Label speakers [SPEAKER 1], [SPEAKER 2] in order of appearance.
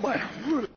[SPEAKER 1] Bueno.